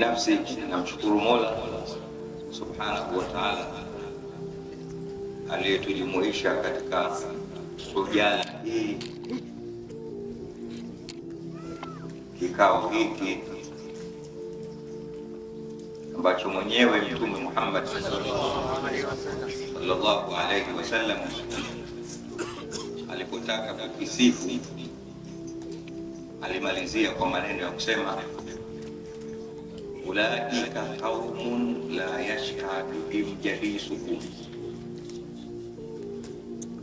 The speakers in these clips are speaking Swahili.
Binafsi namshukuru Mola subhanahu wa taala aliyetujumuisha katika ujana hii kikao hiki ambacho mwenyewe Mtume Muhammad sallallahu alaihi wasallam alipotaka kukisifu alimalizia kwa maneno ya kusema ulaika qaumun la yashqa jalisuhum,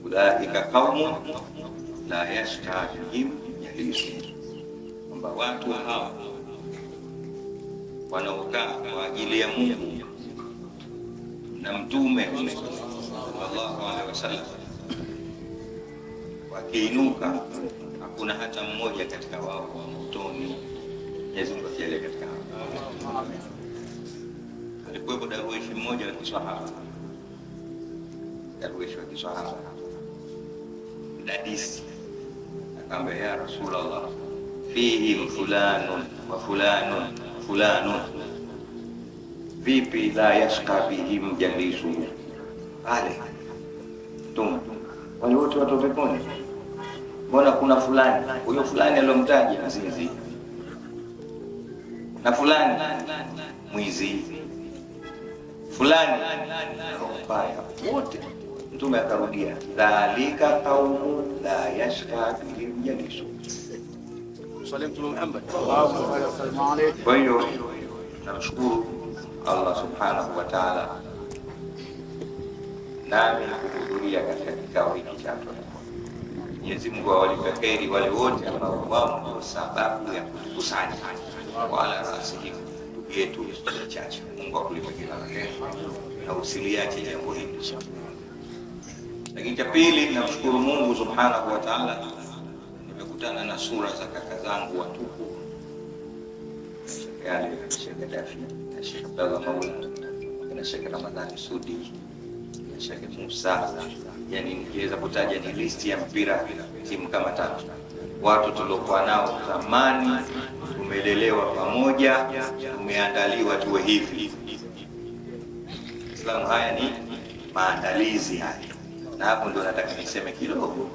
ulaika qaumun la yashqa bihim jalisuhum, kwamba watu hawa wanaokaa kwa ajili ya Mungu na mtume sallallahu alaihi wasallam wakiinuka, hakuna hata mmoja katika wao wa motoni. Mwenyezi Mungu katika alikuwepo darueshi mmoja wa Kisahara, darwishi wa Kisahara dadisi, akamba ya Rasulullah, fihim fulanu wa fulanun fulanun, vipi la yashqa bihim jalisu pale tum wale wote watu peponi, mbona kuna fulani huyo fulani aliyomtaja asinzii na fulani mwizi, fulani mbaya, wote Mtume akarudia dhalika qaumun la yashqa bihim jalisu. Kwa hiyo namshukuru Allah subhanahu wa ta'ala, nami kuhudhuria katika kikao hiki cha Mwenyezi Mungu awalipe kheri wale wote ambao wao ndio sababu ya kutukusanya wala nasihi ndugu yetu Yusuf Chacha, Mungu akulipe kila la heri na usiliache jambo hili. Lakini cha pili, namshukuru Mungu subhanahu wa taala, nimekutana na sura za kaka zangu watuku na Sheikh Ramadhani Sudi na Sheikh Musa, yani nikiweza kutaja ni listi ya mpira timu kama tatu, watu tuliokuwa nao zamani tumelelewa pamoja, tumeandaliwa tuwe hivi. Islamu haya ni maandalizi haya, na hapo ndio nataka niseme kidogo.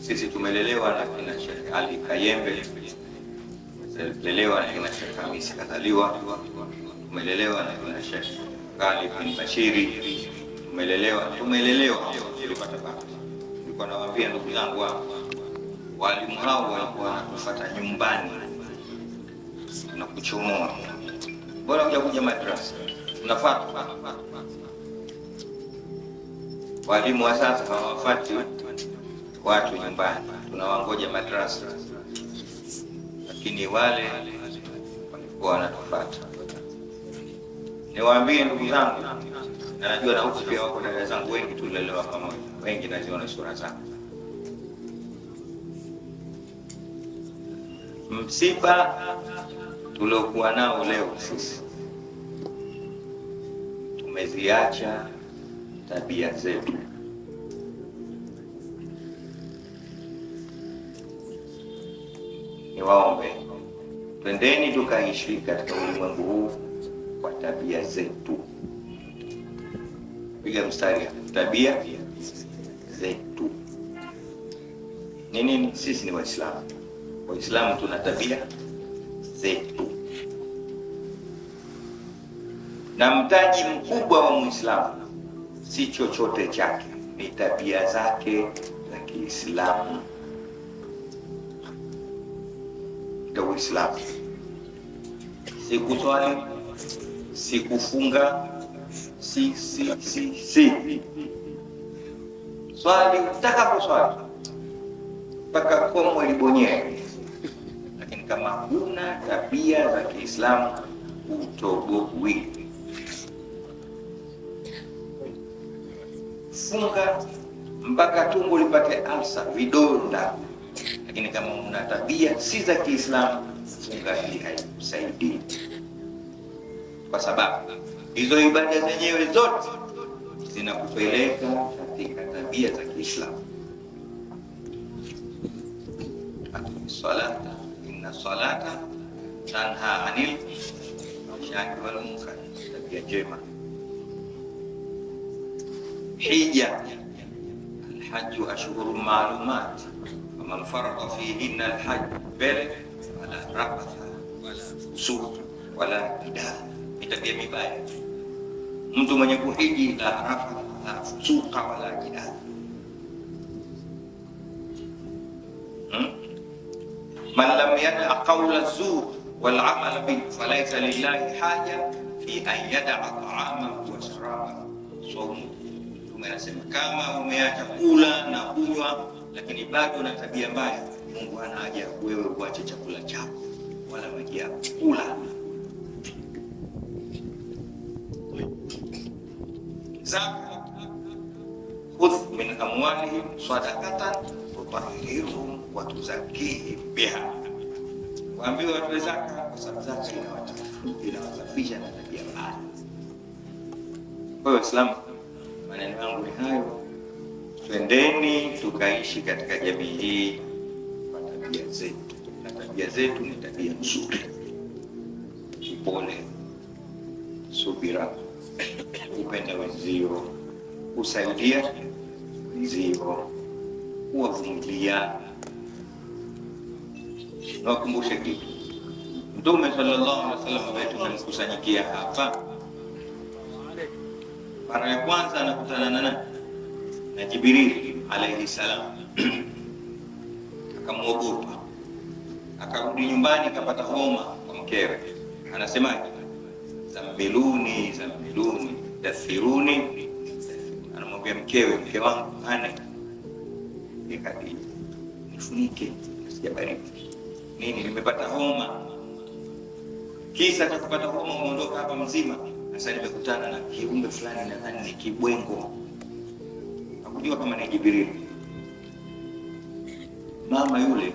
Sisi tumelelewa na kina Sheikh Ali Kayembe, tumelelewa na kina Sheikh Hamisi Kadhaliwa, tumelelewa na kina Sheikh Ghali bin Bashiri, tumelelewa tumelelewa, tulipata bahati. Nilikuwa nawaambia ndugu zangu hapo walimu hao walikuwa wanatufuata nyumbani na kuchomoa, mbona hujakuja madrasa? Tunafuata. Walimu wa sasa hawafati watu nyumbani, tunawangoja madrasa, lakini wale walikuwa wanatufuata. Niwaambie ndugu zangu, na najua na huku pia wako dada zangu wengi, tulilelewa pamoja, wengi naziona sura zangu msiba tuliokuwa nao leo, sisi tumeziacha tabia zetu. Niwaombe, twendeni tukaishi katika ulimwengu huu kwa tabia zetu. Piga mstari, tabia zetu ni nini? Sisi ni Waislamu. Waislamu tuna tabia zetu, na mtaji mkubwa wa Muislamu si chochote chake, ni tabia zake za Kiislamu za Uislamu, si kuswali, si kufunga, si si si si swali, utaka kuswali mpaka komwe libonyewe kama huna tabia za Kiislamu utoboi. Funga mpaka tumbo lipate alsa, vidonda, lakini kama una tabia si za Kiislamu, funga hii haikusaidii, kwa sababu hizo ibada zenyewe zote zinakupeleka katika tabia za Kiislamu. Salata inna salata tanha anil syaki wal munkar tabia njema iya, hija alhaju ashhuru maalumat faman farada al alhaj bel wala rafatha wala fusuq wala kidah ni tabia baik untuk menyebut hiji la rafatha wala fusuqa wala kidah من لم يدع قول الزور والعمل به فليس لله حاجة في أن يدع طعامه وشرابه صومه ثم anasema kama umeacha kula na kunywa lakini bado na tabia mbaya Mungu ana haja ya wewe uache chakula chako wala maji kula zaka khudh min amwalihim sadaqatan tutahhiruhum zake biha, waambiwe watoe zake kwa sababu bila inawasafisha na tabia mbaya. Kwa hiyo Waislamu, maneno yangu ni hayo. Twendeni tukaishi katika jamii hii kwa tabia zetu, na tabia zetu ni tabia nzuri, upole, subira, upenda wenzio, kusaidia wenzio, kuwavumilia Niwakumbushe kitu, Mtume sallallahu alaihi wasallam wetu kamkusanyikia hapa mara ya kwanza, anakutana na Na Jibril alaihi salam akamwogopa, akarudi nyumbani, akapata homa kwa mkewe, anasemaje? Zambiluni, zambiluni, dathiruni. Anamwambia mkewe, mke wangu ana nikadija nifunike, baridi nini, nimepata homa. Kisa cha kupata homa umeondoka hapa mzima. Sasa nimekutana na kiumbe fulani, nadhani ni kibwengo, hakujua kama ni Jibrili. Mama yule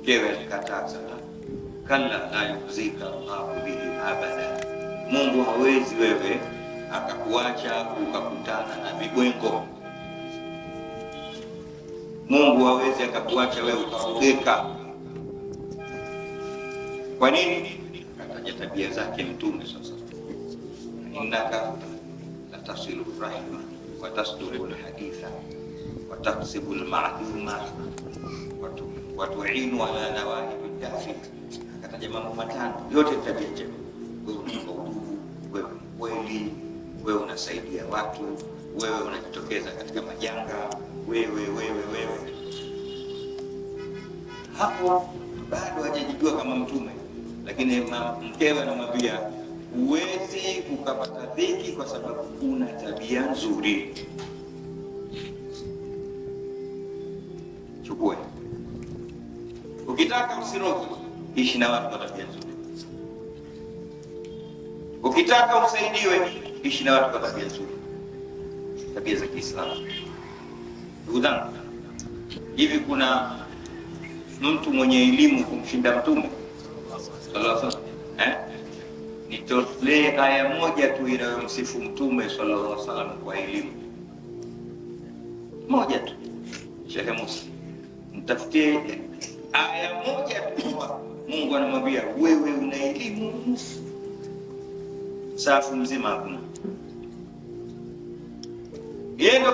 mkewe alikataa sana, kalla la yuzika Allahu bihi abada, Mungu hawezi wewe akakuacha ukakutana na vibwengo. Mungu hawezi akakuacha wewe ukaogeka kwa nini? Nataja tabia zake Mtume sasa, innaka la tasilu rahima wa tasduru lhaditha wa taksibu lmadhuma wa tuinu ala nawahibi lkafi. Akataja mambo matano, yote tabia njema. Wewe unaudugu, wewe kweli wewe unasaidia watu, wewe unajitokeza katika majanga, wewe wewe wewe. Hapo bado hajajijua kama mtume lakini mkewe anamwambia huwezi ukapata dhiki kwa sababu una tabia nzuri. Chukue, ukitaka usiroki ishi na watu watabia tabia nzuri. Ukitaka usaidiwe, ishi na watu watabia tabia nzuri, tabia za Kiislamu. Ndugu zangu, hivi kuna mtu mwenye elimu kumshinda Mtume? eh? nitolee aya moja tu inayomsifu Mtume sallallahu alaihi wasallam kwa elimu moja tu. Shehe Musa, mtafutie aya moja tu. Mungu anamwambia wewe una elimu safu mzima, hakuna yeye ndo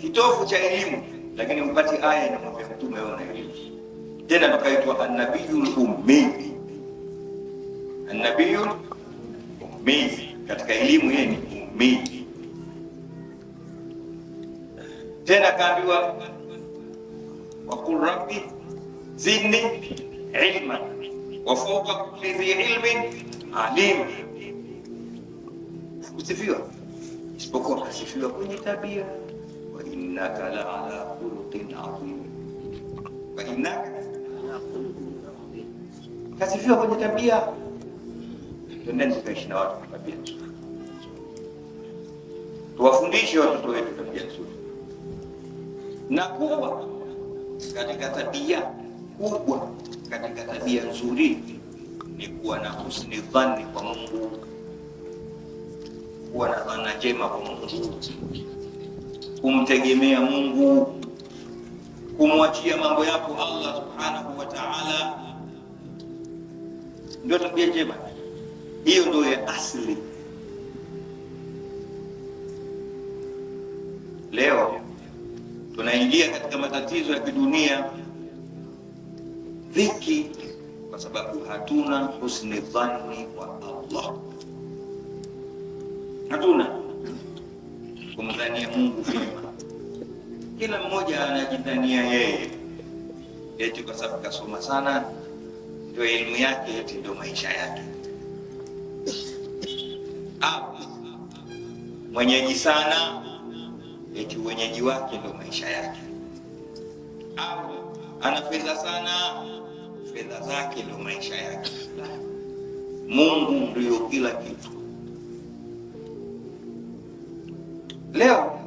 kitovu cha elimu, lakini upati aya inamwambia Mtume wewe una elimu tena pakaitwa annabiyul ummi, annabiyul ummi. Katika elimu yeye ni ummi, tena kaambiwa qul rabbi zidni ilma wa fawqa kulli dhi ilmin alim. Usifiwa isipokuwa kusifiwa kwenye tabia, wa innaka la ala khuluqin adhim kasifiwa kwenye tabia. Twendeni tukaishi na watu kwa tabia nzuri, tuwafundishe watoto wetu tabia nzuri na kuwa katika tabia kubwa. Katika tabia nzuri ni kuwa na husni dhanni kwa Mungu, kuwa na dhana njema kwa Mungu, kumtegemea Mungu, kumwachia mambo yako Allah subhanahu wa ta'ala ndio tabia njema hiyo, ndio ya asili. Leo tunaingia katika matatizo ya kidunia, dhiki, kwa sababu hatuna husni dhanni kwa Allah, hatuna kumdhania Mungu vyema. Kila mmoja anajidhania yeye, eti kwa sababu kasoma sana ndio elimu yake yote, ndio maisha yake. Au mwenyeji sana, eti uwenyeji wake ndio maisha yake. Au ana fedha sana, fedha zake ndio maisha yake. Mungu ndio kila kitu. Leo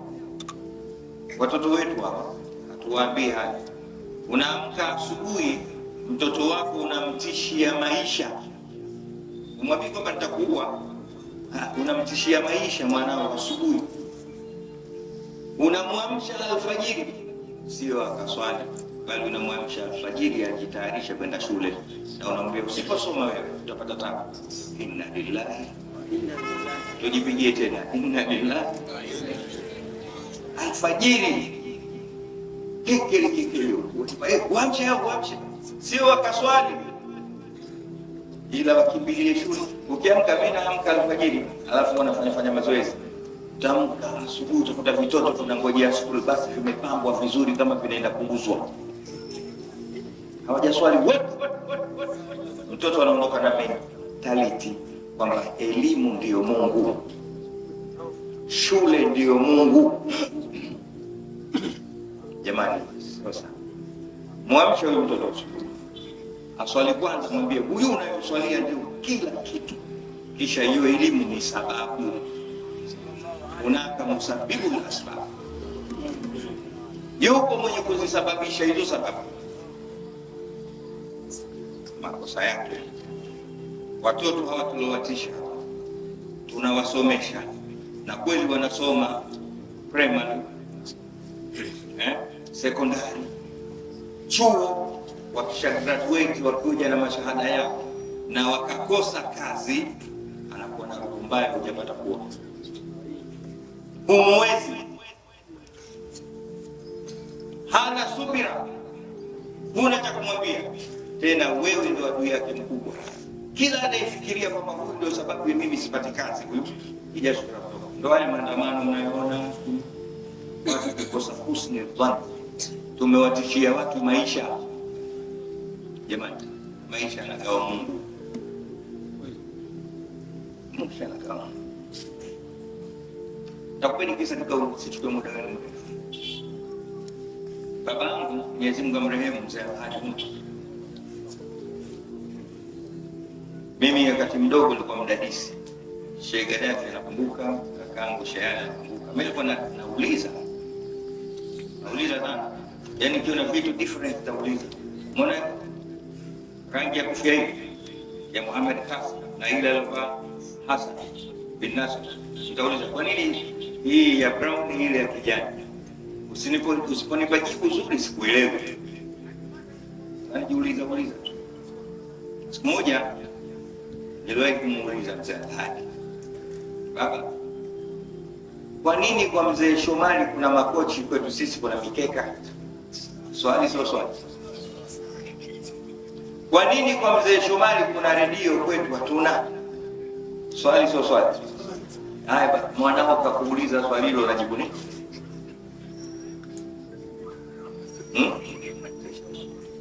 watoto wetu hapa hatuwaambii haya. Unaamka asubuhi mtoto wako unamtishia maisha, umwambie kwamba nitakuua, unamtishia maisha mwanao. Asubuhi unamwamsha alfajiri, sio akaswali, bali unamwamsha alfajiri ajitayarisha kwenda shule, na unamwambia usiposoma wewe utapata tabu. Inna lillahi, tujipigie tena, inna lillahi. Alfajiri kekele kekele, au sio wakaswali, ila wakimbilie shule. Ukiamka mimi naamka alfajiri, alafu wanafanya fanya mazoezi tamka asubuhi, utakuta vitoto tunangojea shule, basi vimepambwa vizuri kama vinaenda kuuzwa, hawajaswali. Mtoto anaondoka na mentality kwamba elimu ndiyo Mungu, shule ndiyo Mungu. Jamani, sasa mwamshe huyu mtoto asubuhi aswali kwanza, mwambie huyu unayoswalia ndio kila kitu, kisha hiyo elimu ni sababu unaka musabibu na asbabu. Yuko mwenye kuzisababisha hizo sababu, makosa yake. Watoto hawa tulowatisha, tunawasomesha na kweli wanasoma primary eh, sekondari, chuo wakishagraduate wakuja na mashahada yao na wakakosa kazi, anakuwa na roho mbaya, hujapata kuoa, humwezi, hana subira, huna cha kumwambia tena. Wewe ndio adui yake mkubwa, kila anayefikiria kwamba huyu ndio sababu mimi sipati kazi, huyu ija subira kutoka. Ndio haya maandamano mnayoona watu kukosa husni tumewatishia watu maisha Jamani, maisha yanagawa Mungu, maisha yanagawa Mungu. Takweli kisa tukausichukue muda wenu. Babangu Mwenyezi Mungu amrehemu, mzee wa hali, mimi wakati mdogo nilikuwa mdadisi. Shehe Gaddafi anakumbuka, kakaangu Shehe anakumbuka. Mimi nilikuwa nauliza nauliza sana, yaani kiona vitu different nauliza, mbona rangi ya kofia hii ya Muhammad Hassan na ile aliyovaa Hassan bin Nasr. Utauliza kwa nini hii ya brown, ile ya kijani? Usinipo, usiponipa jibu zuri sikuelewe. Anajiuliza uliza. Siku moja niliwahi kumuuliza mzee Hadi, baba, kwa nini kwa mzee Shomali kuna makochi, kwetu sisi kuna mikeka? Swali sio swali. Kwa nini kwa mzee Shomali kuna redio kwetu hatuna? Swali sio swali. Haya, mwanao kakuuliza swali hilo, unajibu nini? Hmm?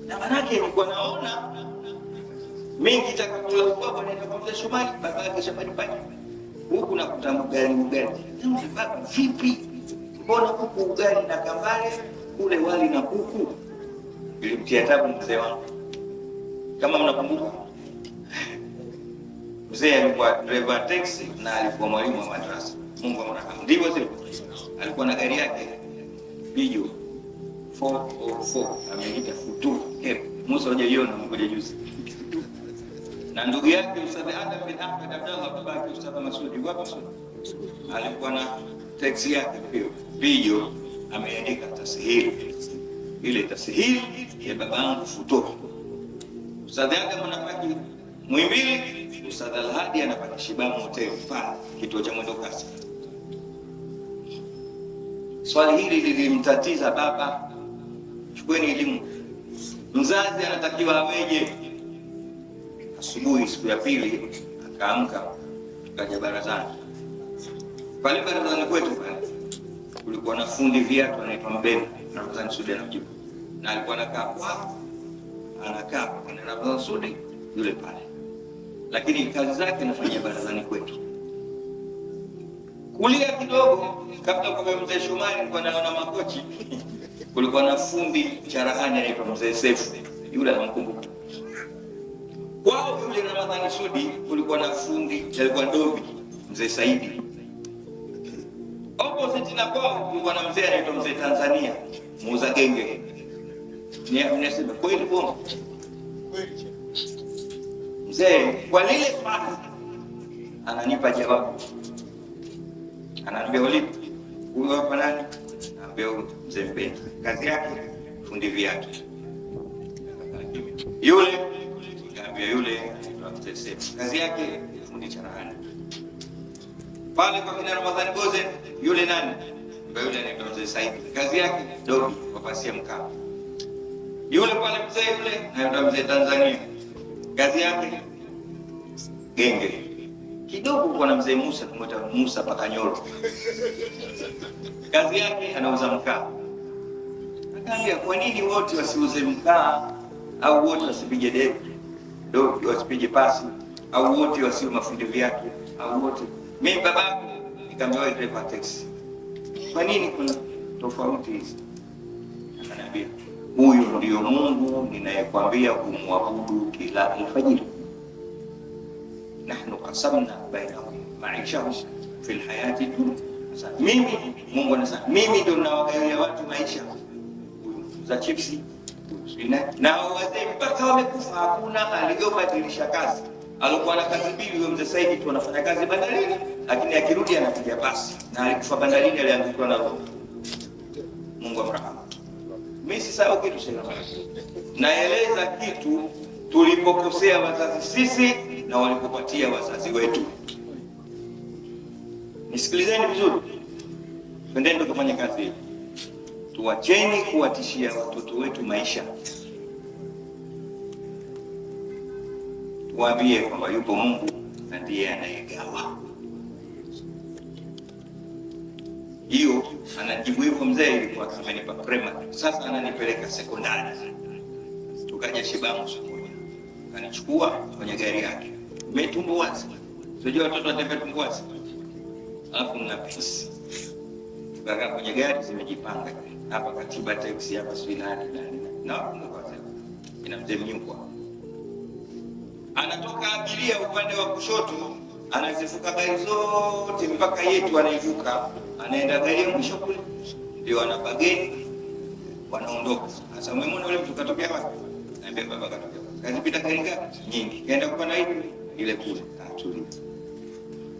Na manake nilikuwa naona mingi takakula kwa nenda kwa mzee Shomali, baba yake Shomali pale huku nakuta mgari mgari vipi? Mbona huku ugali na kambale, kule wali na kuku? Ilimtia tabu mzee wangu. Kama mnakumbuka, mzee alikuwa driver taxi na alikuwa mwalimu wa madrasa. Mungu amrahamu. Ndivyo sivyo? Alikuwa na gari yake Bijo 404 ameita futu cap. Musa hajaiona mkuja juzi. Na ndugu yake Ustadh Adam bin Ahmed Abdallah babake Ustadh Masudi wapo Masudi. Alikuwa na taxi yake pia. Bijo ameandika tasihili. Ile tasihili ya babangu futu Ustadh Usadhaga mnapaki Muhimbili, Ustadh Alhadi anapaki Shibamu Hotel Fund, kituo cha mwendo kasi. Swali hili lilimtatiza baba. Chukueni elimu, mzazi anatakiwa aweje? Asubuhi siku ya pili akaamka, kaja barazani pale. Barazani kwetu pale kulikuwa na fundi viatu anaitwa Mbeni, na mzani Sudi anamjibu, na alikuwa anakaa anakaa pale Ramadhani Sudi yule pale, lakini kazi zake nafanyia barazani kwetu. Kulia kidogo, kabla kwa mzee shumari kwa naona makochi kulikuwa na fundi charahani anaitwa mzee Sefu, yule anamkumbuka kwao. Yule Ramadhani Sudi kulikuwa na fundi alikuwa dobi mzee Saidi opposite na kwao kulikuwa na mzee anaitwa mzee Tanzania muuza genge Mnasema kweli bongo mzee, kwa lile swali ananipa jawabu, ananiambia ulipo huyo hapa nani, naambia mzee mpenzi, kazi yake fundi vyake yule, kaambia yule mzee kazi yake fundi cherehani pale kwa kina Ramadhani Boze, yule nani, yule anaitwa mzee Saidi, kazi yake dobi wapasia mkaa yule pale mzee yule naenda mzee Tanzania, kazi yake genge kidogo. kwa na mzee Musa, tumwita Musa Pakanyoro, kazi yake anauza mkaa. Akaambia, kwa nini wote wasiuze mkaa au wote wasipige debe do wasipige pasi au wote wasiwe mafundi viatu au wote? Mimi babaku nikaambia wewe driver taxi, kwa nini kuna tofauti hizi? Akaniambia Huyu ndiyo Mungu ninayekwambia kumwabudu kila alfajiri. Nahnu kasamna bainahum maishahum fi hayati dunia. Mimi Mungu anasema mimi ndio ninawagawia watu maisha za chipsi na wazee mpaka wamekufa, hakuna aliyobadilisha kazi. Alikuwa na kazi mbili huyo mzee Saidi tu, anafanya kazi bandarini, lakini akirudi anapiga basi, na alikufa bandarini, aliangukiwa na roho. Mungu amrahamu mimi sisahau kitu sina, naeleza kitu tulipokosea wazazi sisi na walipopatia wazazi wetu. Nisikilizeni vizuri, twendeni tukafanya kazi hii. Tuwacheni kuwatishia watoto wetu maisha, tuwaambie kwamba yupo Mungu na ndiye anayegawa hiyo anajibu hivyo mzee, ilikuwa amenipa prema. sasa ananipeleka sekondari. Tukaja Shibamu sokoni, kanichukua kwenye gari yake, wazi, sijui watoto tumbo wazi, alafu mna pesa. Tukakaa kwenye gari, zimejipanga hapa, katiba teksi hapa, sijui nani nani na ina mzee mnyukwa, anatoka abiria upande wa kushoto, anazivuka gari zote mpaka yetu anaivuka anaenda gari ya mwisho kule, ndio anapageni wanaondoka. Sasa umemwona yule mtu katokea wapi? Naambia baba katokea kazipita karika nyingi, kaenda kupanda hivi ile kule, atulia.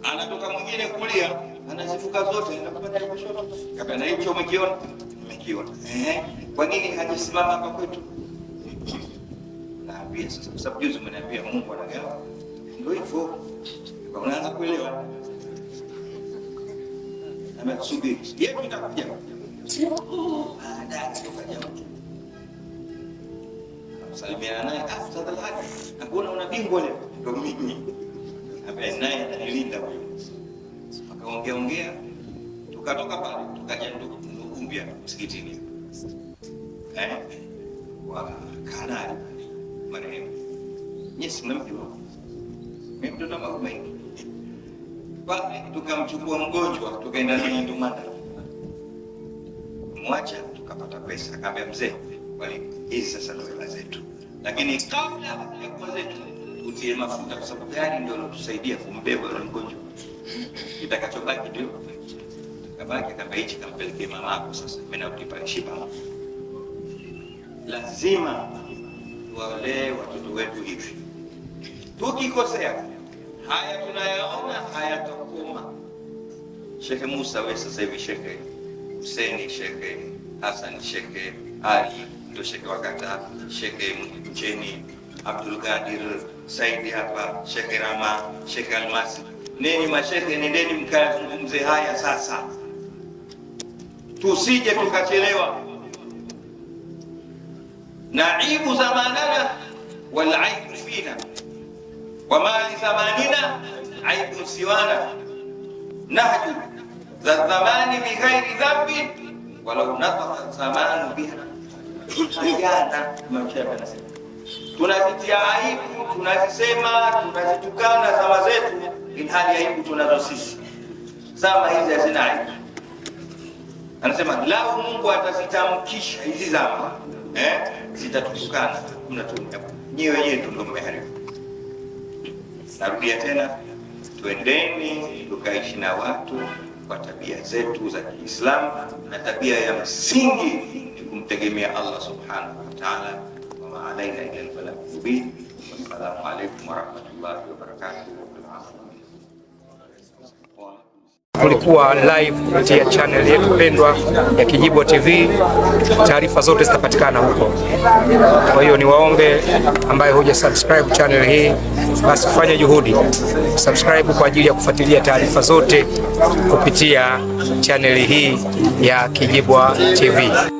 Anatoka mwingine kulia, anazifuka zote, anaenda kupanda hivi kushoto, kabla na chomo kiona. umekiona eh, kwa nini hajisimama hapa kwetu? Naambia sasa, kwa sababu juzi umeniambia Mungu anagawa, ndio hivyo unaanza kuelewa tumesubiri yetu itakuja baadaye, tukaja kusalimiana naye ah, na kuona una leo, ndo mimi ambaye naye atanilinda akaongea ongea, tukatoka pale tukaja ndugu mpya msikitini eh, wa kanali marehemu. Yes, namjua mimi, ndo na mengi pale tukamchukua mgonjwa tukaenda naye Ndumanda, mwacha tukapata pesa. Akaambia mzee, hizi sasa ndio hela zetu, lakini kabla ya kuwa zetu utie mafuta, kwa sababu gari ndio lotusaidia kumbeba yule mgonjwa, itakachobaki ndio kabaki. kama hichi mama mamako, sasa mimi nakulipa heshima, Lazima walee watoto wetu hivi, tukikosea haya tunayaona hayatakoma. Shekhe Musa wewe sasa hivi, Shekhe Huseni, Shekhe Hassan, Shekhe Ali ndio shekhe wa kata, Shekhe Mcheni Abdul Gadir Saidi hapa, Shekhe Rama, Shekhe Almasi. Nini mashekhe, nendeni mkazungumze haya sasa, tusije tukachelewa. Naibu zamanana walaibu fina wa mali thamanina aibu siwana nahju za thamani bighairi dhambi walau nataka thamanu biha ajana tunazitia aibu tunazisema tunazitukana zama zetu, ilhali aibu tunazo sisi. Zama hizi hazina aibu. Anasema lau Mungu atazitamkisha hizi zama eh, zitatukana. Mnatumia nyewe wenyewe ndio mmeharibu Narudia tena, twendeni tukaishi na watu kwa tabia zetu za Kiislamu, na tabia ya msingi ni kumtegemea Allah subhanahu wa ta'ala. Wama alaina ila albalagh mubin. Wassalamu alaykum wa rahmatullahi wa barakatuh kulikuwa live kupitia channel yetu pendwa ya Kijibwa TV, taarifa zote zitapatikana huko. Kwa hiyo niwaombe, ambaye huja subscribe channel hii, basi fanya juhudi subscribe kwa ajili ya kufuatilia taarifa zote kupitia channel hii ya Kijibwa TV.